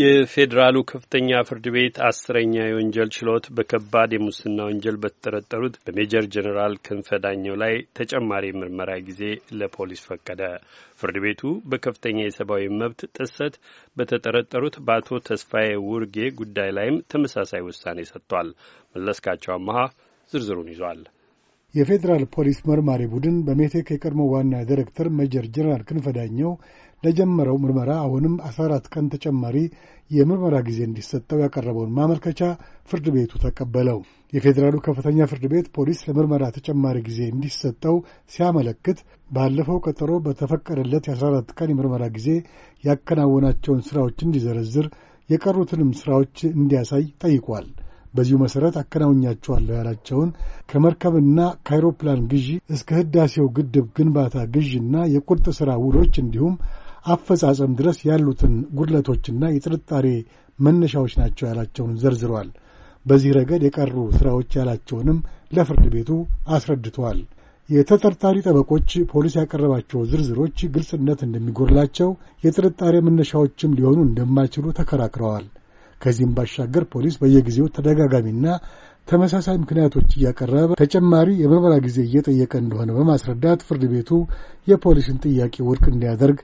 የፌዴራሉ ከፍተኛ ፍርድ ቤት አስረኛ የወንጀል ችሎት በከባድ የሙስና ወንጀል በተጠረጠሩት በሜጀር ጀኔራል ክንፈ ዳኘው ላይ ተጨማሪ ምርመራ ጊዜ ለፖሊስ ፈቀደ። ፍርድ ቤቱ በከፍተኛ የሰብአዊ መብት ጥሰት በተጠረጠሩት በአቶ ተስፋዬ ውርጌ ጉዳይ ላይም ተመሳሳይ ውሳኔ ሰጥቷል። መለስካቸው አመሃ ዝርዝሩን ይዟል። የፌዴራል ፖሊስ መርማሪ ቡድን በሜቴክ የቀድሞ ዋና ዲሬክተር ሜጀር ጀነራል ክንፈ ዳኘው ለጀመረው ምርመራ አሁንም 14 ቀን ተጨማሪ የምርመራ ጊዜ እንዲሰጠው ያቀረበውን ማመልከቻ ፍርድ ቤቱ ተቀበለው። የፌዴራሉ ከፍተኛ ፍርድ ቤት ፖሊስ ለምርመራ ተጨማሪ ጊዜ እንዲሰጠው ሲያመለክት ባለፈው ቀጠሮ በተፈቀደለት የ14 ቀን የምርመራ ጊዜ ያከናወናቸውን ስራዎች እንዲዘረዝር የቀሩትንም ስራዎች እንዲያሳይ ጠይቋል። በዚሁ መሠረት አከናውኛቸዋለሁ ያላቸውን ከመርከብና ከአይሮፕላን ግዢ እስከ ህዳሴው ግድብ ግንባታ ግዢና የቁርጥ ሥራ ውሎች እንዲሁም አፈጻጸም ድረስ ያሉትን ጉድለቶችና የጥርጣሬ መነሻዎች ናቸው ያላቸውን ዘርዝሯል። በዚህ ረገድ የቀሩ ሥራዎች ያላቸውንም ለፍርድ ቤቱ አስረድተዋል። የተጠርጣሪ ጠበቆች ፖሊስ ያቀረባቸው ዝርዝሮች ግልጽነት እንደሚጎድላቸው የጥርጣሬ መነሻዎችም ሊሆኑ እንደማይችሉ ተከራክረዋል። ከዚህም ባሻገር ፖሊስ በየጊዜው ተደጋጋሚና ተመሳሳይ ምክንያቶች እያቀረበ ተጨማሪ የምርመራ ጊዜ እየጠየቀ እንደሆነ በማስረዳት ፍርድ ቤቱ የፖሊስን ጥያቄ ውድቅ እንዲያደርግ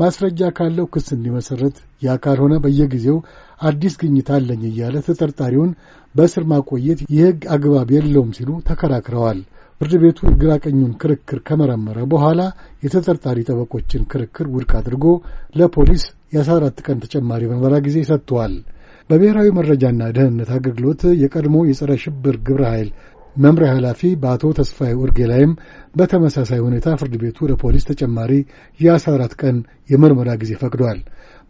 ማስረጃ ካለው ክስ እንዲመሰርት፣ ያ ካልሆነ በየጊዜው አዲስ ግኝት አለኝ እያለ ተጠርጣሪውን በእስር ማቆየት የሕግ አግባብ የለውም ሲሉ ተከራክረዋል። ፍርድ ቤቱ የግራ ቀኙን ክርክር ከመረመረ በኋላ የተጠርጣሪ ጠበቆችን ክርክር ውድቅ አድርጎ ለፖሊስ የ14 ቀን ተጨማሪ ምርመራ ጊዜ ሰጥቷል። በብሔራዊ መረጃና ደህንነት አገልግሎት የቀድሞ የጸረ ሽብር ግብረ ኃይል መምሪያ ኃላፊ በአቶ ተስፋዬ ኡርጌ ላይም በተመሳሳይ ሁኔታ ፍርድ ቤቱ ለፖሊስ ተጨማሪ የ14 ቀን የምርመራ ጊዜ ፈቅዷል።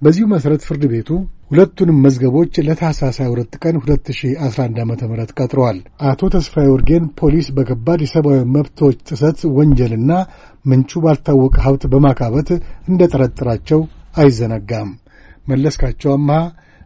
በዚሁ መሠረት ፍርድ ቤቱ ሁለቱንም መዝገቦች ለታህሳስ 22 ቀን 2011 ዓ ም ቀጥረዋል። አቶ ተስፋዬ ወርጌን ፖሊስ በከባድ የሰብአዊ መብቶች ጥሰት ወንጀልና ምንጩ ባልታወቀ ሀብት በማካበት እንደጠረጠራቸው አይዘነጋም። መለስካቸው አምሃ